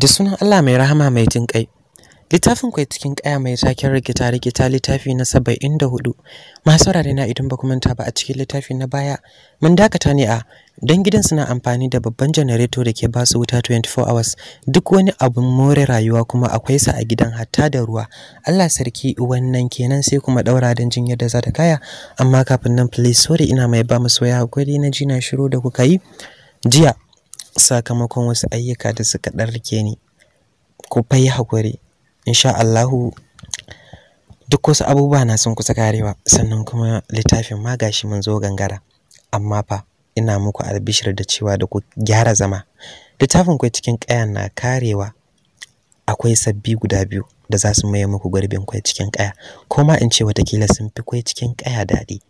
da sunan Allah mai rahama mai jin Littafin kwai cikin ƙaya mai taken rigita rikita littafi na saba'in da hudu. Masu saurare na idan ba ku manta ba a cikin littafi na baya mun dakata ne a don gidan suna amfani da babban janareto da ke ba su wuta 24 hours duk wani abun more rayuwa kuma akwai sa a gidan hatta da ruwa. Allah sarki wannan kenan sai kuma daura don jin yadda za ta kaya amma kafin nan please sorry ina mai ba mu soyayya hakuri na ji na shiru da kuka yi jiya sakamakon wasu ayyuka da suka ɗan rike ni ku fai haƙuri insha Allahu duk wasu abubuwa na sun kusa karewa sannan kuma littafin ma gashi mun zo gangara amma fa ina muku albishir da cewa da ku gyara zama littafin kai cikin ƙayan na karewa akwai sabbi guda biyu da za su maye muku gurbin kwai cikin kaya ko ma in ce watakila sun fi kwai cikin kaya daɗi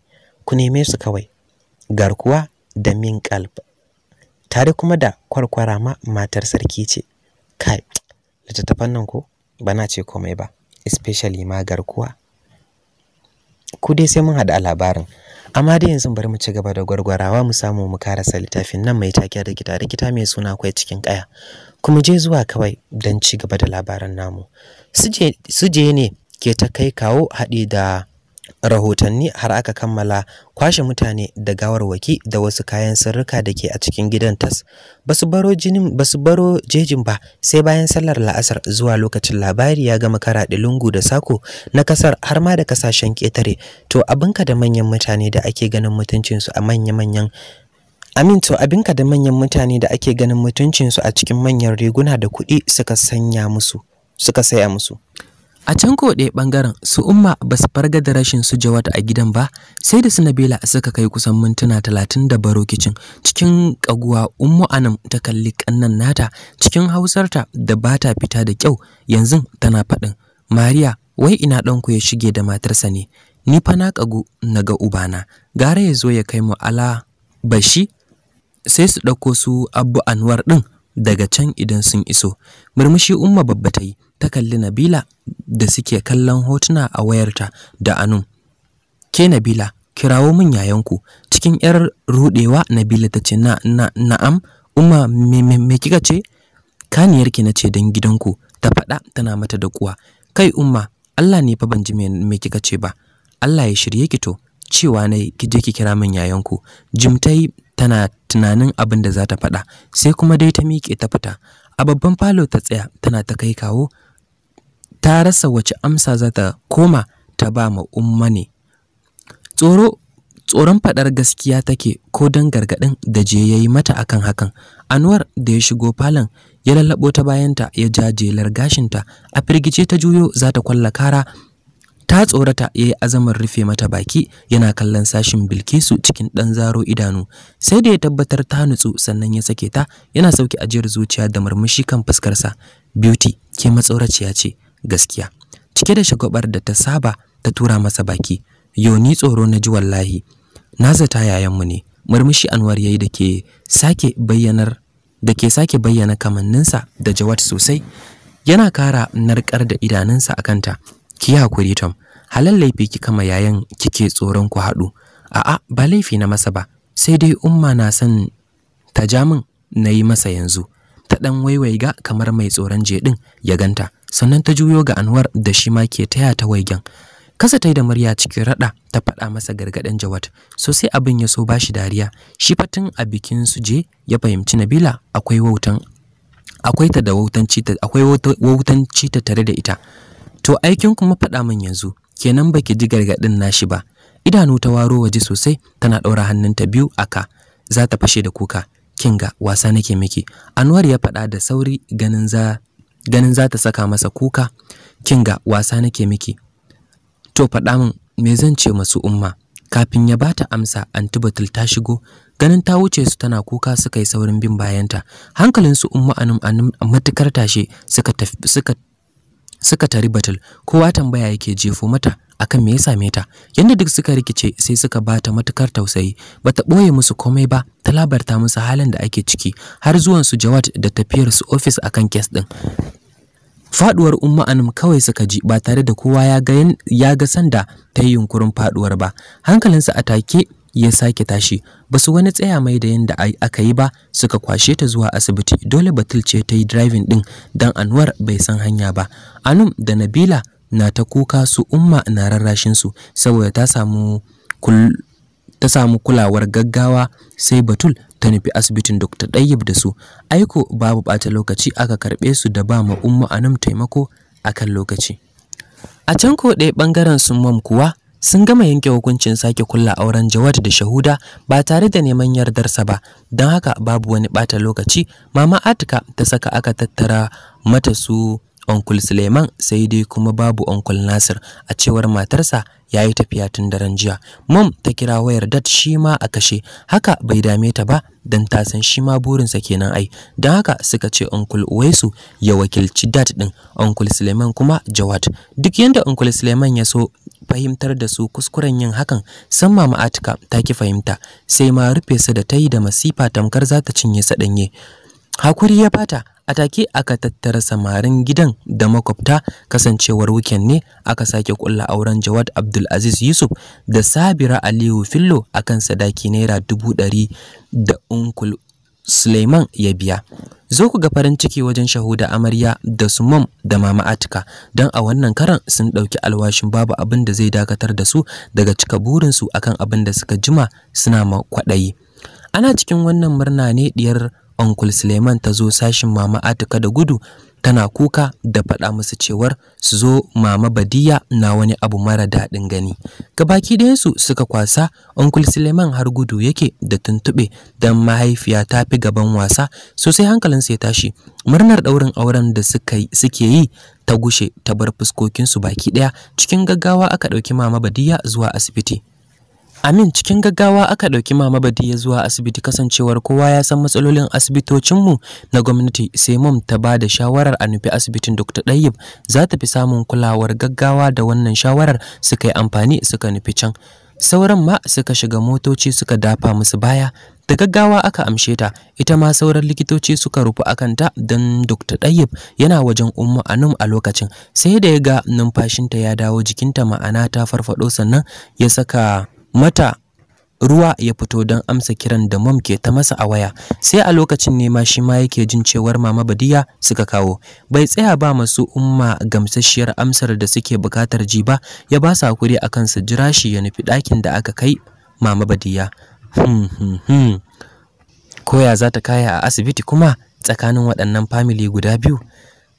ku neme su kawai garkuwa da min kalb tare kuma da kwarkwara ma matar sarki ce kai littattafan nan ko ba na ce komai ba especially ma garkuwa ku dai sai mun haɗu a labarin amma dai yanzu bari mu ci gaba da gwargwarawa mu samu mu karasa littafin nan mai take da gida mai suna kwai cikin kaya kuma je zuwa kawai don ci gaba da labarin namu suje ne ke ta kai kawo haɗi da rahotanni har aka kammala kwashe mutane da gawarwaki da wasu kayan sirrika da ke a cikin gidan tas basu baro jinin basu baro jejin ba sai bayan sallar la'asar zuwa lokacin labari ya gama karaɗi, lungu da sako na kasar har ma da kasashen ketare to abinka da manyan mutane da ake ganin mutuncinsu a manya-manyan to abinka da manyan mutane da ake ganin su a cikin manyan riguna da kuɗi suka sanya musu suka saya musu A can ko ɗaya ɓangaren su umma ba su farga da rashin su jawata a gidan ba sai da su Nabila suka kai kusan mintuna talatin da baro kicin cikin ƙaguwa ummu anam ta kalli ƙannan nata cikin hausarta da ba ta fita da kyau yanzu tana faɗin Mariya wai ina ɗanku ya shige da matarsa ne ni fa na ƙagu na ga ubana gara ya zo ya kai mu ala bashi sai su ɗauko su abu anwar ɗin daga can idan sun iso murmushi umma babba ta yi ta kalli Nabila da suke kallon hotuna a wayarta da Anu. Ke Nabila, kirawo min yayanku. Cikin 'yar rudewa Nabila ta ce na, na'am umma me, kika ce? Kaniyarki na ce don gidanku ta faɗa tana mata da kuwa. Kai umma, Allah ne fa ban ji me, kika ce ba. Allah ya shirye ki to. cewa ne ki je ki kira min yayanku jimtai tana tunanin abin da za ta faɗa sai kuma dai ta miƙe ta fita a babban falo ta tsaya tana ta kai kawo ta rasa wace amsa za ta koma ta ba ma umma ne tsoro tsoron faɗar gaskiya take ko don gargaɗin da je ya yi mata akan hakan Anuwar da ya shigo falon ya lallaɓo ta bayanta ya jajelar gashinta a firgice ta juyo za ta kwalla kara ta tsorata ya yi azamar rufe mata baki yana kallon sashin bilkisu cikin ɗan zaro idanu sai da ya tabbatar ta nutsu sannan ya sake ta yana sauke ajiyar zuciya da murmushi kan fuskarsa beauty ke matsoraciya ce gaskiya cike da shagobar da ta saba ta tura masa baki yoni tsoro na ji wallahi na zata yayanmu ne murmushi anwar yayi da ke sake bayyanar da ke sake bayyana kamanninsa da jawad sosai yana kara narkar da idanunsa a kanta. ki hakuri tom halal laifi ki kama yayan kike tsoron ku haɗu a'a ba laifi na masa ba sai dai umma na san ta jamin na yi masa yanzu ta ɗan ga kamar mai tsoron jeɗin ya ganta sannan ta juyo ga Anwar da shi ma ke taya ta waigen kasa yi da murya cikin rada ta faɗa masa gargaɗin Jawad so sai abin ya so ba shi dariya shi fatin a bikin su je ya fahimci Nabila akwai wautan akwai ta da wautanci ta akwai wautanci ta tare da ita to aikin kuma faɗa min yanzu kenan baki ji gargaɗin nashi ba idanu ta waro waje sosai tana ɗaura hannunta biyu aka za ta fashe da kuka kinga wasa nake miki Anwar ya faɗa da sauri ganin za ganin za ta saka masa kuka kinga wasa nake miki to faɗa min me zan ce masu umma kafin ya bata amsa antibatul ta shigo ganin ta wuce su tana kuka suka yi saurin bin bayanta hankalin su umma anum anum matukar tashe suka suka suka tari batul kowa tambaya yake jefo mata akan me ya same ta yanda duk suka rikice sai suka bata matukar tausayi bata boye musu komai ba ta labarta musu halin da ake ciki har zuwan su Jawad da tafiyar su office akan case din faduwar umma anum kawai suka ji ba tare da kowa ya ga ya ga sanda ta yi yunkurin faduwar ba hankalinsa a take ya sake tashi basu wani tsaya mai da yanda aka yi ba suka kwashe ta zuwa asibiti dole batul ce ta yi driving din dan Anwar bai san hanya ba Anum da Nabila na ta kuka su umma na rarrashin su saboda ta samu kul ta samu kulawar gaggawa sai Batul ta nufi asibitin Dr. Dayyib da su. Aiko babu ɓata lokaci aka karɓe su da ba ma Umma nan taimako a kan lokaci. A can ko ɗaya ɓangaren sun mam kuwa sun gama yanke hukuncin sake kulla auren Jawad da Shahuda ba tare da neman yardarsa ba don haka babu wani ɓata lokaci mama Atika ta saka aka tattara mata su Onkul Suleiman sai dai kuma babu Onkul Nasir a cewar matarsa ya yi tafiya tun daren jiya. Mom ta kira wayar dat shi ma a kashe, haka bai dame ta ba don ta san shi ma burinsa kenan ai. Don haka suka ce Onkul Uwaisu ya wakilci dat ɗin, Onkul Suleiman kuma Jawad. Duk yadda Onkul Suleiman ya so fahimtar da su kuskuren yin hakan san mama Atika ta ki fahimta sai ma rufe su da ta yi da masifa tamkar za ta cinye sa Hakuri ya fata a take aka tattara samarin gidan da makwabta kasancewar weekend ne aka sake kulla auren Jawad Abdulaziz Yusuf da Sabira Aliyu Fillo akan sadaki naira dubu ɗari da Unkul Suleiman ya biya. Zo ku ga farin ciki wajen shahuda amarya da su da mama Atika don a wannan karan sun ɗauki alwashin babu abin da zai dakatar da su daga cika burinsu akan abin da suka jima suna kwaɗayi. Ana cikin wannan murna ne diyar Uncle Suleiman ta zo sashin Mama Atika da gudu tana kuka da faɗa musu cewar su zo Mama Badiya na wani abu mara daɗin gani. Gabaki ɗayansu suka kwasa Uncle Suleiman har gudu yake da tuntuɓe don mahaifiya ta fi gaban wasa sosai su ya tashi. Murnar ɗaurin auren da suke yi ta gushe ta bar fuskokinsu baki ɗaya cikin gaggawa aka ɗauki Mama Badiya zuwa asibiti. Amin cikin gaggawa aka ɗauki Mama Badiya zuwa asibiti kasancewar kowa ya san matsalolin asibitocinmu na gwamnati sai mum ta ba da shawarar a nufi asibitin Dr. Ɗayyib za ta fi samun kulawar gaggawa da wannan shawarar suka yi amfani suka nufi can. Sauran ma suka shiga motoci suka dafa musu baya da gaggawa aka amshe ta ita ma sauran likitoci suka rufu akanta don Dr. Ɗayyib yana wajen Umma Anum a lokacin sai da ya ga numfashinta ya dawo jikinta ma'ana ta farfado sannan ya saka mata ruwa ya fito don amsa kiran da mom ke ta masa a waya sai a lokacin nema shi ma yake jin cewar mama badiya suka kawo bai tsaya ba masu umma gamsasshiyar amsar da suke bukatar ji ba ya ba su hakuri a su jira shi ya nufi ɗakin da aka kai mama badiya hmm, hmm, hmm. koya za ta kaya a asibiti kuma tsakanin waɗannan family guda biyu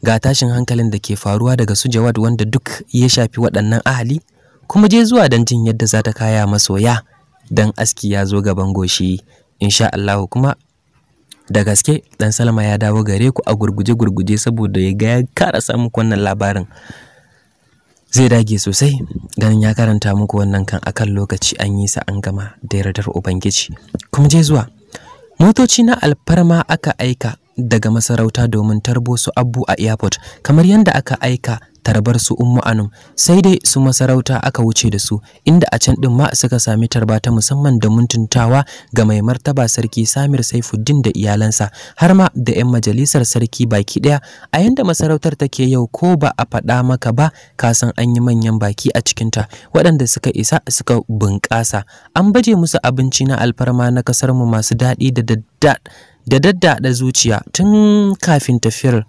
ga tashin hankalin da ke faruwa daga su Jawad wanda duk ya shafi waɗannan ahali kuma je zuwa don jin yadda za ta kaya masoya don aski ya zo gaban goshi insha Allah kuma da gaske dan Salma ya dawo gare ku a gurguje gurguje saboda ya ga ya kara samu wannan labarin zai dage sosai ganin ya karanta muku wannan kan akan lokaci an yi sa an gama da yardar ubangiji kuma je zuwa motoci na alfarma aka aika daga masarauta domin tarbo su abu a airport kamar yadda aka aika tarbar su Ummu Anum sai dai su masarauta aka wuce da su inda a can din ma suka sami tarba ta musamman da muntuntawa ga mai martaba sarki Samir Saifuddin da iyalansa har ma da 'yan majalisar sarki baki daya a yanda masarautar take yau ko ba a faɗa maka ba ka san an yi manyan baki a cikin ta waɗanda suka isa suka bunƙasa an baje musu abinci na alfarma na kasar mu masu daɗi da dadda da da zuciya tun kafin tafiyar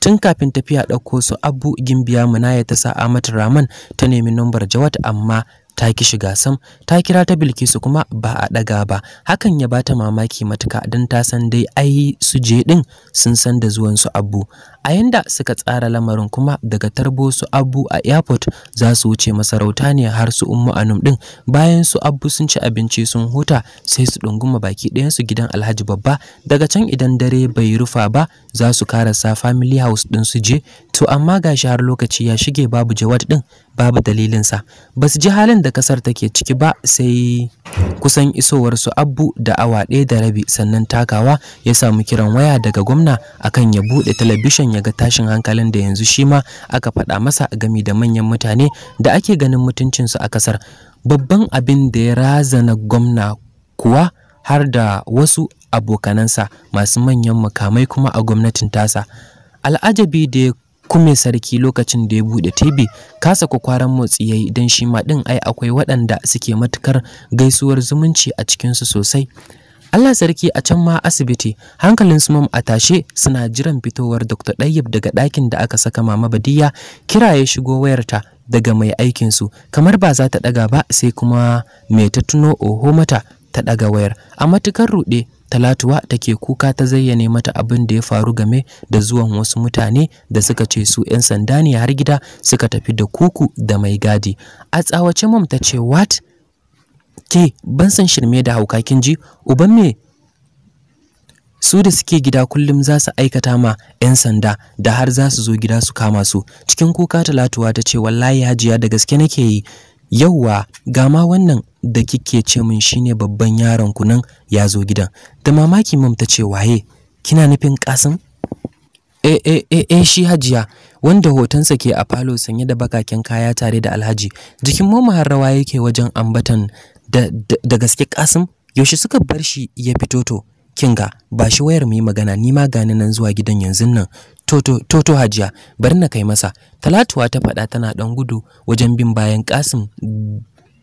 tun kafin tafiya ɗauko su abu gimbiya ya ta sa Ahmad raman ta nemi nambar Jawad amma ta ki shiga sam ta kira ta Bilkisu kuma ba a daga ba hakan ya bata mamaki matuka dan ta san dai ai su je din sun san da zuwan su Abu a yanda suka tsara lamarin kuma daga tarbo su Abu a airport za su wuce masarauta ne har su Ummu Anum din bayan su Abu sun ci abinci sun huta sai su dunguma baki ɗayan su gidan Alhaji Babba daga can idan dare bai rufa ba za su karasa family house din su je to amma gashi har lokaci ya shige babu Jawad din babu dalilinsa ba su ji halin da kasar take ciki ba sai kusan isowar su abu da awa ɗaya da rabi sannan takawa ya samu kiran waya daga gwamna akan ya buɗe talabishin ya ga tashin hankalin da yanzu shi ma aka faɗa masa gami da manyan mutane da ake ganin mutuncinsu a kasar babban abin da ya razana gwamna kuwa har da wasu abokanansa masu manyan mukamai kuma a gwamnatin tasa al'ajabi da ya kume sarki lokacin da ya bude TV kasa kwakwaran motsi yayi dan shi ma din ai akwai waɗanda suke matukar gaisuwar zumunci a cikin su sosai Allah sarki a can ma asibiti hankalin su mam a tashe suna jiran fitowar Dr. Dayyib daga ɗakin da aka saka Mama Badiya kira ya shigo wayarta daga mai aikin su kamar ba za ta daga ba sai kuma me ta tuno oho mata ta daga wayar a matukar rude Talatuwa take kuka ta zayyane mata abin da ya faru game da zuwan wasu mutane da suka ce su 'yan sanda ne har gida suka tafi da kuku da mai gadi. A tsawace mam ta ce what? Ke ban san shirme da hauka kin ji uban me su da suke gida kullum za su aikata ma 'yan sanda da har za su zo gida su kama su cikin kuka talatuwa ta ce wallahi hajiya da gaske nake yi yauwa gama wannan da kike ce min shine babban yaron ku nan ya zo gidan da mamaki mam ta ce waye kina nufin kasin e eh, e eh, e eh, e shi hajiya wanda hotonsa ke a falo sanye da bakaken kaya tare da alhaji jikin mu har rawa yake wajen ambatan da, da, gaske kasim yaushe suka bar shi ya fito to kinga ba shi wayar mu yi magana ni ma gani nan zuwa gidan yanzu nan toto toto hajiya bari na kai masa talatuwa ta faɗa tana ɗan gudu wajen bin bayan kasim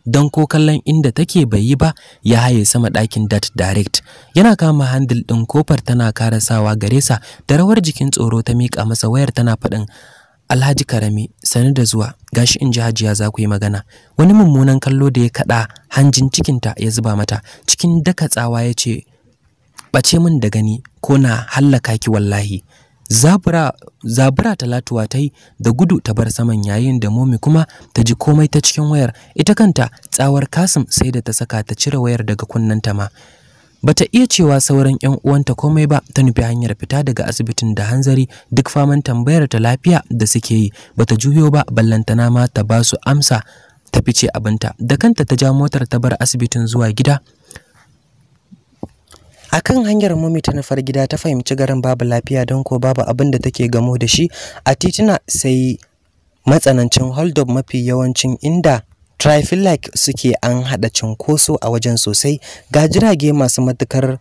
don ko kallon inda take bai yi ba ya haye sama ɗakin dat direct yana kama handle ɗin kofar tana karasawa gare sa da rawar jikin tsoro ta miƙa masa wayar tana faɗin Alhaji Karami sani da zuwa gashi in ji Hajiya za ku yi magana wani mummunan kallo da ya kaɗa hanjin cikinta ya zuba mata cikin daka tsawa ya ce ɓace min da gani ko na hallaka ki wallahi zabura zabura talatuwa ta yi da gudu ta bar saman yayin da momi kuma ta ji komai ta cikin wayar ita kanta tsawar kasim sai da ta saka ta cire wayar daga kunnanta ma bata iya cewa sauran ƴan uwanta komai ba ta nufi hanyar fita daga asibitin da hanzari duk faman tambayar ta lafiya da suke yi bata juyo ba ballantana ma ta basu amsa ta fice abinta da kanta ta ja motar ta bar asibitin zuwa gida a kan hanyar mummy ta nufar gida ta fahimci garin babu lafiya don ko babu abin da take gamo da shi a tituna sai matsanancin hold-up mafi yawancin inda traffic suke an haɗa cinkoso a wajen sosai ga jirage masu matukar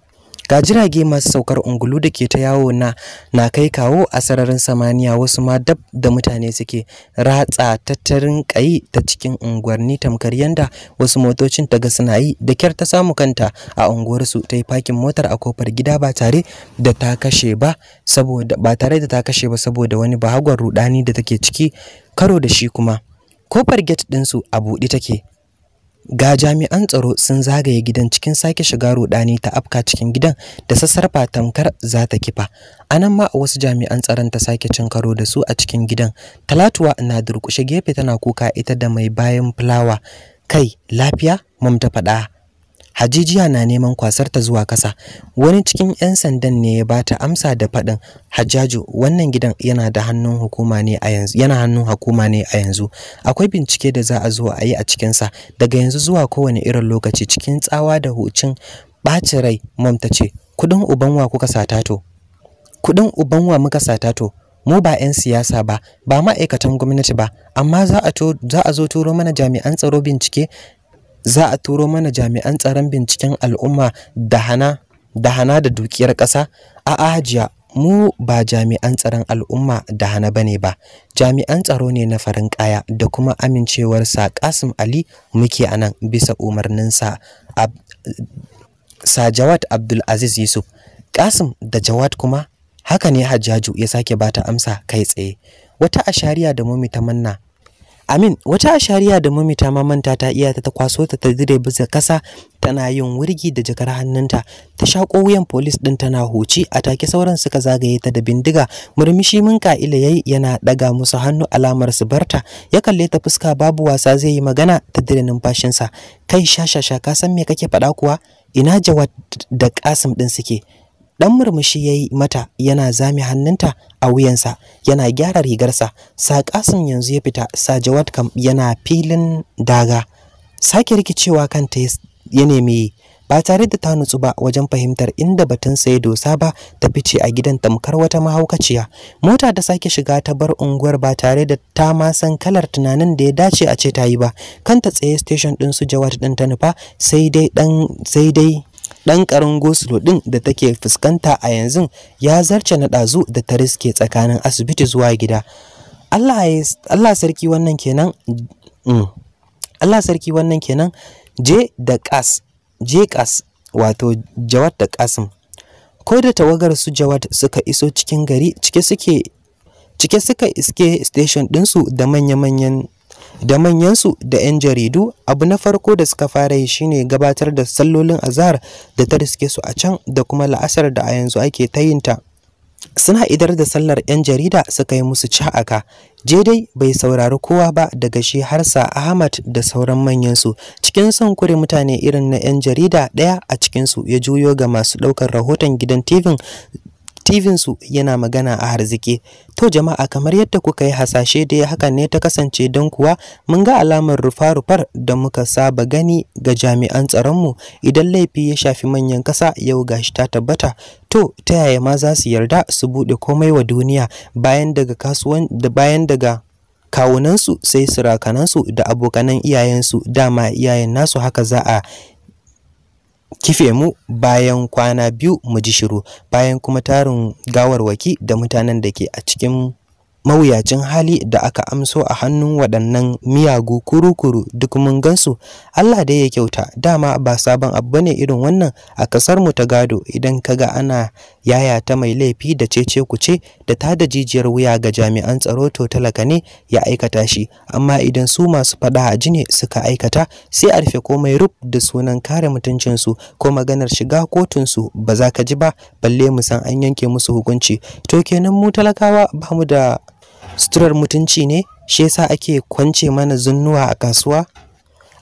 ga jirage masu saukar ungulu da ke ta yawo na na kai kawo a sararin samaniya wasu ma dab da mutane suke ratsa tattarin kai ta cikin unguwarni tamkar yanda wasu motocin ta ga suna yi da kyar ta samu kanta a unguwarsu ta yi fakin motar a kofar gida ba tare da ta kashe ba saboda ba tare da ta kashe ba saboda wani bahagwar rudani da take ciki karo da shi kuma kofar gate ɗinsu a buɗe take ga jami'an tsaro sun zagaye gidan cikin sake shiga rudani ta afka cikin gidan da sassarfa tamkar za ta kifa anan ma wasu jami'an tsaron ta sake cin karo da su a cikin gidan talatuwa na durkushe gefe tana kuka ita da mai bayan fulawa kai lafiya mamta ta faɗa Hajijiya na neman kwasarta zuwa kasa. Wani cikin 'yan sandan ne ya bata amsa da faɗin Hajjaju wannan gidan yana da hannun hukuma ne a yanzu yana hannun hukuma ne a yanzu. Akwai bincike da za a zo a yi a cikinsa. daga yanzu zuwa kowane irin lokaci cikin tsawa da hucin ɓaci rai mom ta ce kudin ubanwa kuka sata to. Kudin ubanwa muka sata to. mu ba 'yan siyasa ba ba ma'aikatan gwamnati ba amma za za a zo turo mana jami'an tsaro bincike za a turo mana jami'an tsaron binciken al'umma da hana da dukiyar ƙasa a'a hajiya mu ba jami'an tsaron al'umma da hana bane ba jami'an tsaro ne na farin kaya da kuma amincewar sa Kasim Ali muke anan bisa umarnin sa sa Jawad Abdul Aziz Yusuf Kasim da Jawad kuma haka ne Hajjaju ya sake bata amsa kai tsaye wata ashariya da mumi ta manna Amin wata ashariya da mami ta mamanta ta iya ta kwaso ta ta dire bisa kasa tana yin wurgi da jakar hannunta ta shako wuyan polis din tana huci, a take sauran suka zagaye ta da bindiga murmushi mun ila yayi yana daga musu hannu alamar su barta ya kalle ta fuska babu wasa zai yi magana ta dire numfashinsa kai shashasha ka san me kake faɗa kuwa ina Jawad da Kasim din suke dan murmushi ya yi mata yana zame hannunta a wuyansa yana gyara rigarsa saƙasin yanzu ya fita sa jawad kam yana filin daga sake rikicewa kanta ya nemi ba tare da ta nutsu ba wajen fahimtar inda batun sayi dosa ba ta fice a gidan tamkar wata mahaukaciya mota ta sake shiga ta bar unguwar ba tare da ta ma san kalar tunanin da ya dace a ce ta yi ba kanta tsaye station din su jawad din ta nufa sai dai dan sai dai ɗan karin goslo ɗin da take fuskanta a yanzu ya zarce na ɗazu da ta riske tsakanin asibiti zuwa gida Allah sarki wannan kenan mm, Allah sarki wannan kenan je da Qas, je wato jawad da Qasim. ko da tawagar su jawad suka iso cikin gari cike suke cike suka iske station ɗinsu da manya-manyan da manyansu da 'yan jaridu abu na farko da suka fara yi shine gabatar da sallolin azhar da ta riske su a can da kuma la'asar da a yanzu ake ta yinta suna idar da sallar 'yan jarida suka yi musu ci Je dai bai saurari kowa ba daga shi har sa ahmad da sauran manyansu cikin son kure mutane irin na 'yan jarida ɗaya a cikinsu ya juyo ga masu ɗaukar rahoton gidan tv su yana magana a harzike. To jama'a kamar yadda kuka yi hasashe da ya hakan ne ta kasance don kuwa mun ga alamar rufa-rufar da muka saba gani ga jami'an tsaronmu idan laifi ya shafi manyan ƙasa yau gashi ta tabbata. To ta yaya ma za su yarda su buɗe komai wa duniya bayan daga kasuwan da bayan daga kawunansu sai surakanansu da abokanan iyayensu dama iyayen nasu haka za a kife mu bayan kwana biyu mu ji shiru bayan kuma tarin gawarwaki da mutanen da ke a cikin mawuyacin hali da aka amso a hannun waɗannan miyagu kurukuru duk mun gansu Allah da ya kyauta dama ba sabon abu ne irin wannan a kasar mu ta gado idan kaga ana yaya ta mai laifi da cece kuce da ta da jijiyar wuya ga jami'an tsaro to talaka ne ya aikata shi amma idan su masu faɗa a jini suka aikata sai a rufe komai rub da sunan kare mutuncin su ko maganar shiga kotun su ba za ka ji ba balle mu san an yanke musu hukunci to kenan mu talakawa ba mu da suturar mutunci ne shi yasa ake kwance mana zunnuwa a kasuwa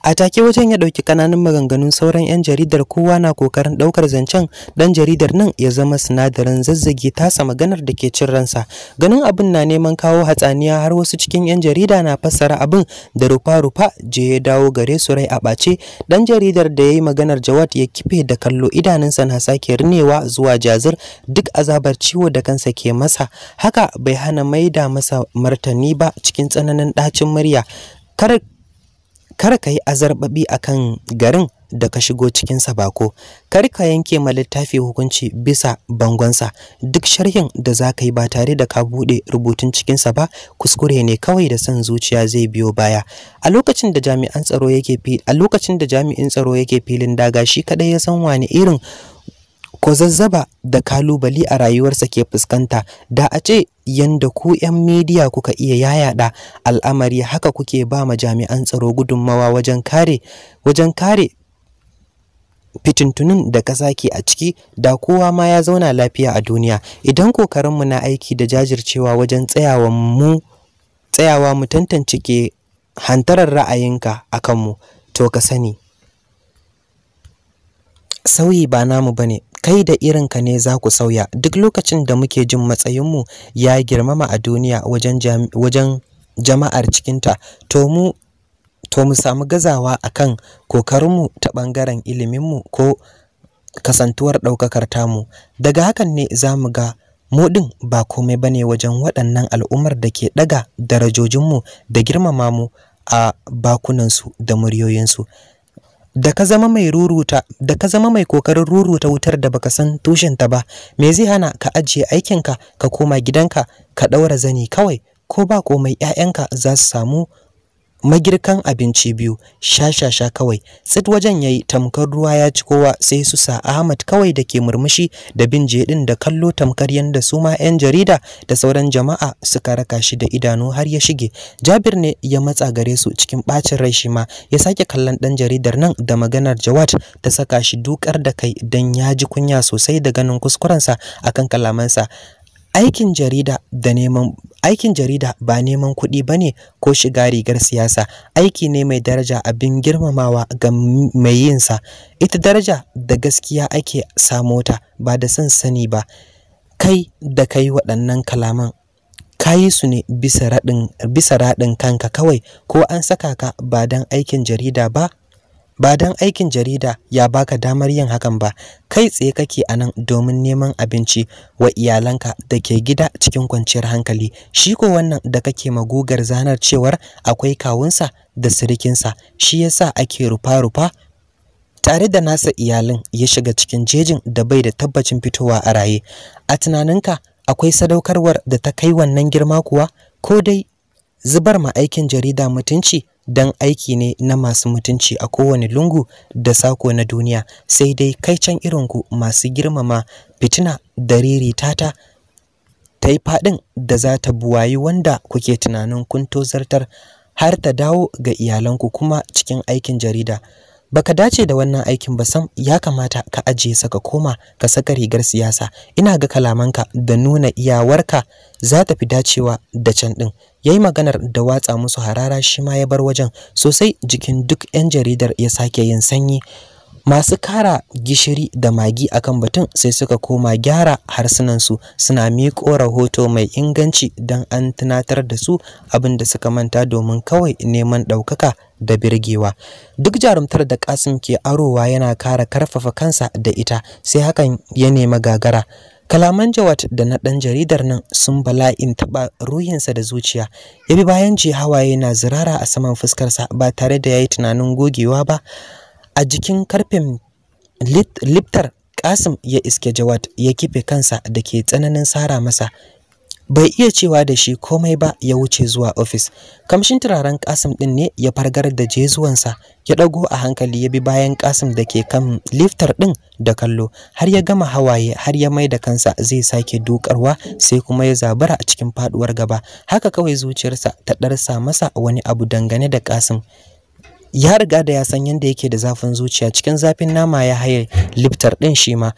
a take wajen ya ɗauki ƙananan maganganun sauran 'yan jaridar kowa na kokarin ɗaukar zancen ɗan jaridar nan ya zama sinadarin zazzage tasa maganar da ke cin ransa ganin abin na neman kawo hatsaniya har wasu cikin 'yan jarida na fassara abin da rufa-rufa je ya dawo gare su rai a ɓace ɗan jaridar da ya yi maganar jawad ya kife da kallo idanunsa na sake rinewa zuwa jazir duk azabar ciwo da kansa ke masa haka bai hana maida masa martani ba cikin tsananin ɗacin murya kar kar ka yi azarbabi a kan garin da ka shigo cikinsa bako kar ka yanke ma littafi hukunci bisa bangonsa duk sharhin da za ka yi ba tare da ka buɗe rubutun cikinsa ba kuskure ne kawai da son zuciya zai biyo baya a lokacin da jami'an tsaro yake a lokacin da jami'in tsaro yake filin daga shi kadai ya san wani irin ko zazzaba da kalubali a rayuwarsa ke fuskanta da a ce yadda ku 'yan midiya kuka iya yayaɗa al'amari haka kuke ba ma jami'an tsaro gudunmawa wajen kare wajen kare fitintunin da ka sake a ciki da kowa ma ya zauna lafiya a duniya idan kokarinmu na aiki da jajircewa wajen tsayawa mu tsayawa tantance ke hantarar ra'ayinka a kanmu to ka sani sauyi ba namu ba ne. kai da irin ka ne za ku sauya duk lokacin da muke jin matsayinmu ya girmama a duniya wajen jama'ar cikinta to mu to samu gazawa a kan kokarinmu ta ɓangaren iliminmu ko kasantuwar ɗaukakar tamu daga hakan ne za mu ga mu ba komai ba ne wajen waɗannan al'ummar da ke ɗaga darajojinmu da girmama mu a bakunansu da muryoyinsu da ka zama mai ruruta da ka zama mai kokarin ruruta wutar da baka san tushenta ba me zai hana ka ajiye aikinka ka koma gidanka ka ɗaura zani kawai ko ba komai 'ya'yanka za su samu magirkan abinci biyu shashasha kawai tsit wajen yayi tamkar ruwa ya ci kowa sai su sa Ahmad kawai da ke murmushi da bin jedin da kallo tamkar yanda su ma 'yan jarida da sauran jama'a suka raka shi da idanu har ya shige Jabir ne ya matsa gare su cikin bacin rai shi ma ya sake kallon ɗan jaridar nan da maganar Jawad ta saka shi dukar da kai dan ya ji kunya sosai da ganin kuskurensa akan kalamansa aikin jarida da neman aikin jarida ba neman kuɗi ba ne ko shiga rigar siyasa aiki ne mai daraja abin girmamawa ga mai yinsa ita daraja da gaskiya ake samo ta ba da son sani ba kai da kai waɗannan kalaman kayi su ne bisa raɗin kanka kawai ko an saka ka ba don aikin jarida ba ba don aikin jarida ya baka damar yin hakan ba kai tsaye kake a nan domin neman abinci wa iyalanka da ke gida cikin kwanciyar hankali shi ko wannan da kake magugar zanar cewar akwai kawunsa da sirikinsa shi yasa ake rufa-rufa tare da nasa iyalin ya shiga cikin jejin da bai da tabbacin fitowa a raye a tunaninka akwai sadaukarwar da ta kai wannan girma kuwa ko dai zubar ma aikin jarida mutunci Dan aiki ne na masu mutunci a kowane lungu da sako na duniya sai dai kai can ku masu girmama fitina da ririta ta yi faɗin da za ta buwayi wanda kuke tunanin kun tozartar har ta dawo ga iyalanku kuma cikin aikin jarida baka dace da wannan aikin ba sam ya kamata ka ajiye saka koma ka saka rigar siyasa ina ga kalamanka da nuna iyawarka za ta fi dacewa da can ɗin. Ya yi maganar da watsa musu harara shi ma ya bar wajen sosai jikin duk 'yan jaridar ya sake yin sanyi masu kara gishiri da magi akan batun sai suka koma gyara harsunansu suna miƙo rahoto mai inganci don an tunatar da su abin da suka manta domin kawai neman ɗaukaka da birgewa duk jarumtar da kasim ke arowa yana kara karfafa kansa da ita sai hakan ya nemi gagara Kalaman Jawad da na ɗan jaridar nan sun bala'in taɓa ruhinsa da zuciya, ya bi bayan ji hawaye na zirara a saman fuskarsa ba tare da ya yi tunanin gogewa ba. A jikin karfin liftar Kasim ya iske Jawad ya kife kansa da ke tsananin sara masa bai iya cewa da shi komai ba ya wuce zuwa ofis kamshin turaren kasim din ne ya fargar da jezuwansa ya dago a hankali ya bi bayan kasim da ke kan liftar din da kallo har ya gama hawaye har ya mai da kansa zai sake dukarwa sai kuma ya zabara a cikin faduwar gaba haka kawai zuciyarsa ta darsa masa wani abu dangane da kasim ya riga da ya san yadda yake da zafin zuciya cikin zafin nama ya haye liftar din shi ma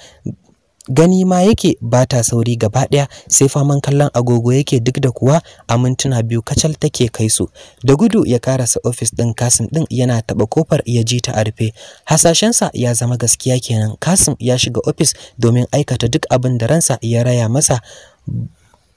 gani ma yake ba ta sauri gaba ɗaya sai faman kallon agogo yake duk da kuwa a mintuna biyu kacal take kai su da gudu ya karasa ofis ɗin kasim ɗin yana taɓa kofar ya ji ta a rufe hasashensa ya zama gaskiya kenan kasim ya shiga ofis domin aikata duk abin da ransa ya raya masa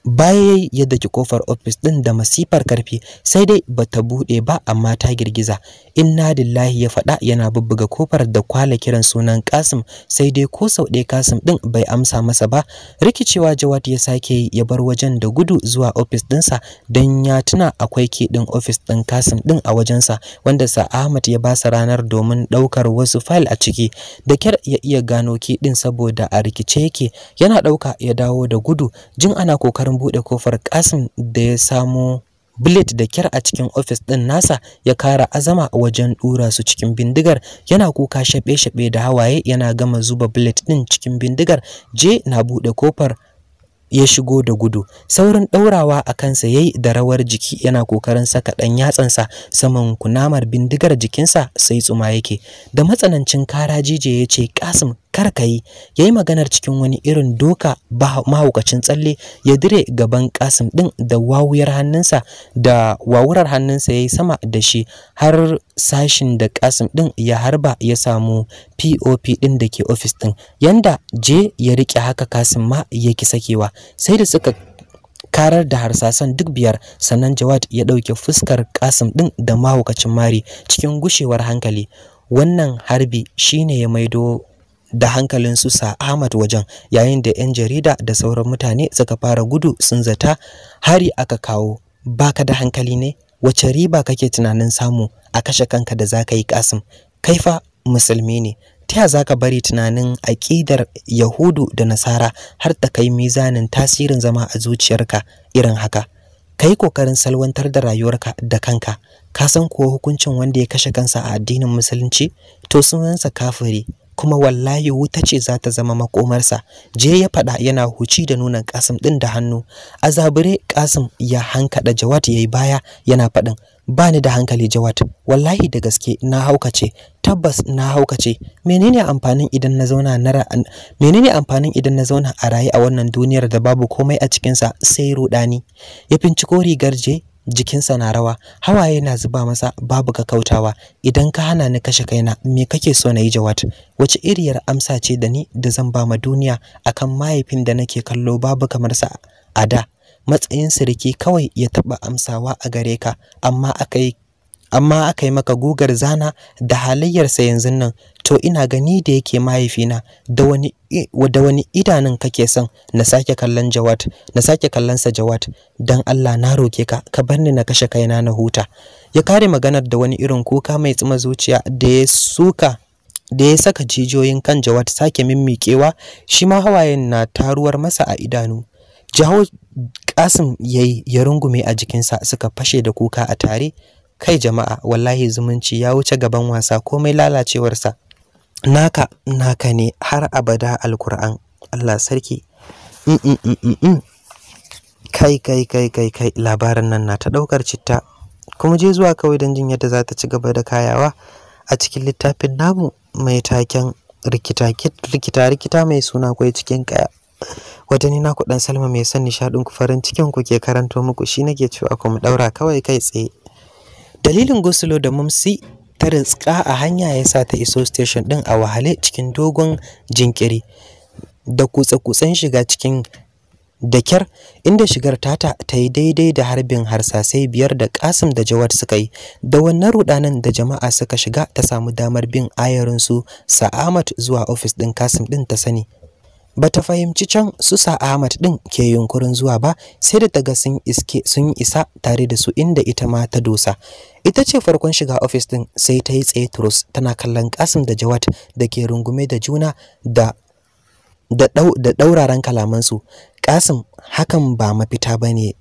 baya yi ya daki kofar ofis din da masifar karfi sai dai bata bude ba amma ta girgiza inna lillahi ya faɗa yana bubbuga kofar da kwala kiran sunan Kasim sai dai ko sau ɗaya Kasim din bai amsa masa ba rikicewa Jawad ya sake ya bar wajen da gudu zuwa ofis ɗinsa, dan ya tuna akwai ke din ofis din Kasim din a wajen sa wanda sa Ahmad ya basa ranar domin daukar wasu file a ciki da kyar ya iya gano ke din saboda a rikice yake yana dauka ya dawo da gudu jin ana kokarin bude buɗe kofar Kasim da ya samo Blade da kyar a cikin ofis ɗin nasa ya kara azama wajen ɗura su cikin bindigar yana kuka shaɓe-shaɓe da hawaye yana gama zuba Blade ɗin cikin bindigar je na buɗe kofar ya shigo da gudu saurin ɗaurawa a kansa yayi da rawar jiki yana kokarin saka ɗan yatsansa saman kunamar bindigar jikinsa sai tsuma yake da matsanancin kara jije ya ce kasim kar ka yi ya yi maganar cikin wani irin doka mahaukacin tsalle ya dire gaban kasim ɗin da wawuyar hannunsa da wawurar hannunsa ya yi sama da shi har sashin da kasim ɗin ya harba ya samu pop ɗin da ke ofis ɗin yanda je ya rike haka kasim ma ya ki sakewa sai da suka karar da harsasan duk biyar sannan Jawad ya ɗauke fuskar Kasim ɗin da mahaukacin mari cikin gushewar hankali wannan harbi shine ya maido da hankalinsu sa Ahmad wajen yayin da 'yan jarida da sauran mutane suka fara gudu sun zata hari aka kawo baka da hankali ne wace riba kake tunanin samu a kashe kanka da zaka yi kasim Kaifa, musulmi ne ta zaka bari tunanin aƙidar yahudu da nasara har ta kai mizanin tasirin zama a zuciyarka irin haka kai kokarin salwantar da rayuwarka da kanka ka san kuwa hukuncin wanda ya kashe kansa a addinin musulunci to sunansa kafiri kuma wallahi wuta ce za ta zama makomarsa je ya faɗa yana huci da nunan kasim ɗin da hannu a zabire, kasim ya hankaɗa jawat yayi baya yana faɗin ba ni da hankali jawat wallahi da gaske na haukace tabbas na haukace menene amfanin idan na zauna na menene amfanin idan na zauna a raye a wannan duniyar da babu komai a cikinsa sai rudani ya finci rigar je jikinsa na rawa hawaye na zuba masa babu ka kautawa, idan ka hana ni kashe kaina me kake so na yi jawat wace iriyar amsa ce da ni da zan ba ma duniya akan mahaifin da nake kallo babu kamar sa a da matsayin sirki kawai ya taba amsawa a gare ka amma aka amma aka yi maka gugar zana da halayyarsa yanzu nan to ina gani da yake mahaifina da wani idanun kake son na sake kallon jawat na sake kallon sa Jawad dan Allah na roke ka ka bar ni na kashe kaina na huta ya kare maganar da wani irin kuka mai tsima zuciya da ya suka da ya saka jijiyoyin kan Jawad sake mimmikewa shi ma hawayen na taruwar masa a idanu Jawo Kasim yayi ya rungume a jikinsa suka fashe da kuka a tare kai jama'a wallahi zumunci ya wuce gaban wasa komai lalacewarsa naka naka ne har abada alkur'an Allah sarki mm, mm, mm, kai kai kai kai kai labarin nan na ta daukar citta kuma je zuwa kawai don jin yadda za ta ci gaba da kayawa a cikin littafin namu mai taken rikita rikita mai suna kwai cikin kaya wata ni naku dan salma mai son nishadin ku farin cikin ku ke karanto muku shi nake cewa ku mu daura kawai kai tsaye dalilin gosulo da mumsi ta ritska a hanya ya sa ta iso station ɗin a wahale cikin dogon jinkiri da kutse-kutsen shiga cikin dakyar. inda shigar tata ta yi daidai da harbin harsasai biyar da kasim da jawad suka yi da wannan rudanin da jama'a suka shiga ta samu damar bin ayarinsu sa'amat zuwa ofis ɗin kasim ɗin ta sani bata fahimci can su sa'amat ɗin ke yunkurin zuwa ba sai da ta ga sun iske sun isa tare da su inda ita ma ta dosa ita ce farkon shiga ofis din sai ta yi tsaye turus tana kallon kasim da jawad da ke rungume da juna da da kalamansu kasim hakan ba mafita ba ne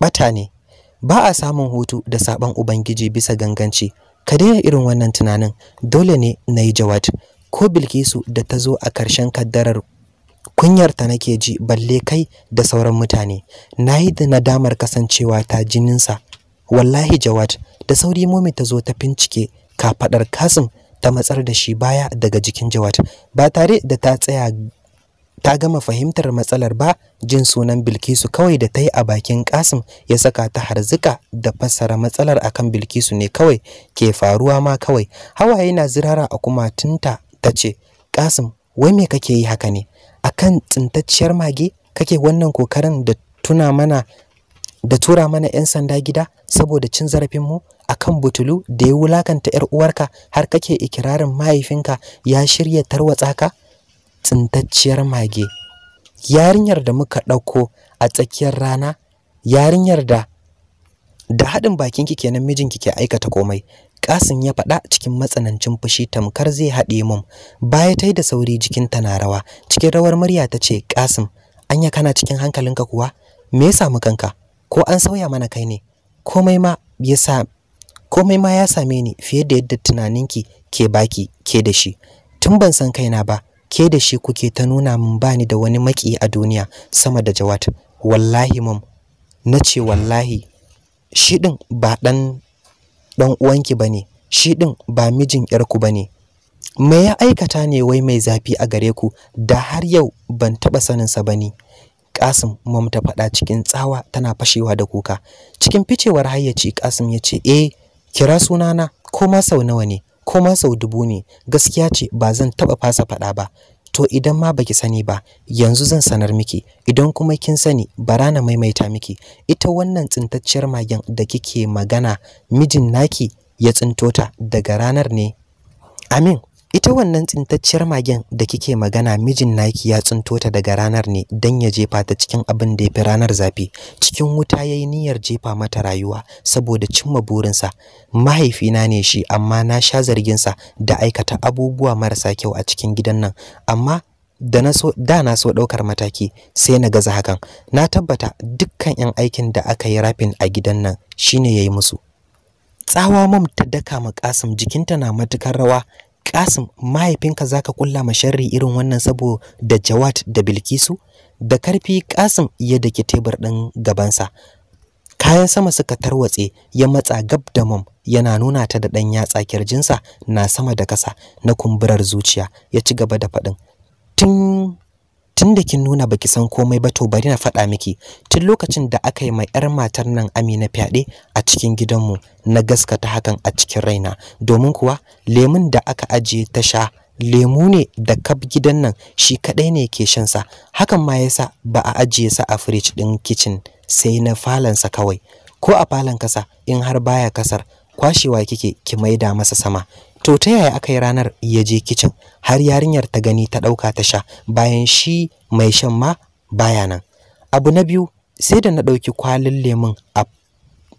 Bata ne ba a samun hutu da sabon ubangiji bisa ganganci ka daina irin wannan tunanin dole ne na yi jawad ko bilkisu da ta zo a karshen kaddarar kunyarta nake ji balle kai da sauran mutane na yi da nadamar kasancewa ta jininsa wallahi jawad da sauri momi ta zo ta bincike kafadar kasim ta matsar da shi baya daga jikin jawad ba tare da ta tsaya ta gama fahimtar matsalar ba jin sunan bilkisu kawai da ta yi a bakin kasim ya saka ta harzika da fassara matsalar akan bilkisu ne kawai ke faruwa ma kawai hawaye na zirara a kumatunta ta ce kasim wai me kake yi haka ne akan tsintacciyar mage kake wannan kokarin da tuna mana da tura mana 'yan sanda gida saboda cin zarafinmu a kan butulu da ya wulakanta 'yar uwarka har kake ikirarin mahaifinka ya shirya tarwatsa ka tsintacciyar mage yarinyar da muka ɗauko a tsakiyar rana yarinyar da da haɗin bakinki kenan mijinki ke aikata komai Kasim ya faɗa cikin matsanancin fushi tamkar zai haɗe mum baya tai da sauri jikinta na rawa cikin rawar murya ta ce Kasim anya kana cikin hankalinka kuwa me ya samu kanka ko an sauya mana kai ne komai ma ya komai ma ya same ni fiye da yadda tunaninki ke baki ke da shi tun ban san kaina ba ke da shi kuke ta nuna min bani da wani maki a duniya sama da jawat wallahi mum na ce wallahi shi din ba dan dan uwanki bane shi din ba mijin yarku bane me ya aikata ne wai mai zafi a gare ku da har yau ban taba saninsa bane Kasim mom ta faɗa cikin tsawa tana fashewa da kuka. Cikin ficewar hayyaci Kasim ya ce, "Eh, kira sunana ko ma sau nawa ne, ko ma sau dubu ne, gaskiya ce ba zan taɓa fasa faɗa ba. To idan ma baki sani ba, yanzu zan sanar miki, idan kuma kin sani, bara na maimaita miki. Ita wannan tsintacciyar magen da kike magana, mijin naki ya tsinto ta daga ranar ne. Amin, ita wannan tsintacciyar magen da kike magana mijin naki ya tsinto ta daga ranar ne dan ya jefa ta cikin abin da ya fi ranar zafi cikin wuta yayi niyyar jefa mata rayuwa saboda cimma burinsa mahaifina ne shi amma na sha zarginsa da aikata abubuwa marasa kyau a cikin gidan nan amma da na so da na so daukar mataki sai na gaza hakan na tabbata dukkan yan aikin da aka yi rafin a gidan nan shine yayi musu tsawa mum ta daka ma jikinta na matukar rawa Kasim mahaifinka zaka kulla ma sharri irin wannan saboda Jawad da Bilkisu da karfi Kasim ya dake tebur ɗin gabansa kayan sama suka tarwatse ya matsa gab da mom yana nuna ta da dan yatsa kirjinsa na sama da kasa na kumburar zuciya ya ci gaba da faɗin tun tun da kin nuna baki san komai ba to bari na faɗa miki tun lokacin da aka yi mai yar matar nan Amina fyaɗe a cikin gidanmu na gaskata hakan a cikin raina domin kuwa lemun da aka ajiye ta sha lemu ne da kaf gidan nan shi kaɗai ne ke shan sa hakan ma yasa ba a ajiye sa a fridge ɗin kitchen sai na sa kawai ko a falon kasa in har baya kasar kwashewa kike ki maida masa sama To ta yaya aka yi ranar ya je kicin har yarinyar ta gani ta ɗauka ta sha bayan shi mai shan ma baya nan. Abu na biyu sai da na ɗauki kwalin lemun a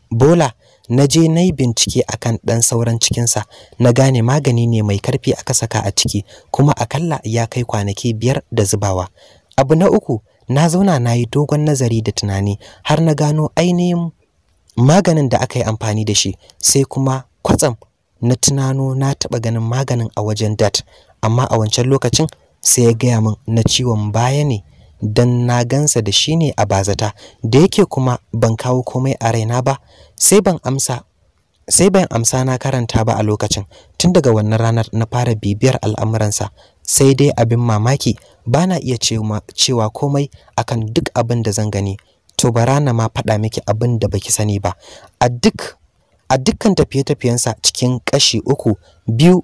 bola na je na yi bincike akan ɗan sauran cikinsa na gane magani ne mai karfi aka saka a ciki kuma akalla ya kai kwanaki biyar da zubawa. Abu na uku na zauna na yi dogon nazari da tunani har na gano ainihin maganin da aka yi amfani da shi sai kuma kwatsam na tunano na taɓa ganin maganin a wajen dat amma a wancan lokacin sai ya gaya min na ciwon baya ne don na gansa da shi ne a bazata da yake kuma ban kawo komai a raina ba sai ban amsa sai ban amsa na karanta ba a lokacin tun daga wannan ranar na fara bibiyar al'amuransa sai dai abin mamaki ba na iya cewa komai akan duk abin da zan gani to bara na ma faɗa miki abin da baki sani ba a duk a dukkan tafiye-tafiyensa cikin kashi uku biyu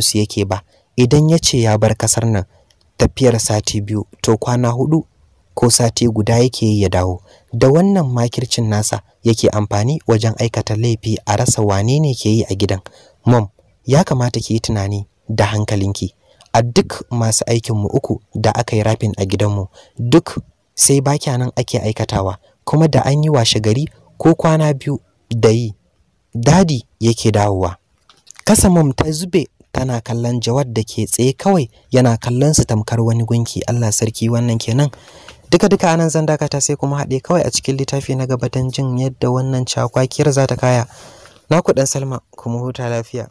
su yake ba idan ya ce ya bar kasar nan tafiyar sati biyu to kwana hudu ko sati guda yake yi ya dawo da wannan makircin nasa yake amfani wajen aikata laifi a rasa wane ne ke yi a gidan mom ya kamata ki yi tunani da hankalinki a duk masu aikinmu uku da aka yi rafin a gidanmu duk sai bakya nan ake aikatawa kuma da an yi washe gari ko kwana biyu da yi dadi yake dawowa kasa mom ta zube tana kallon jawad da ke tsaye kawai yana kallon su tamkar wani gunki Allah sarki wannan kenan duka duka anan zan ta, sai kuma haɗe kawai a cikin littafi na gaba dan jin yadda wannan cakwakiyar za ta kaya na ku dan Salma kuma huta lafiya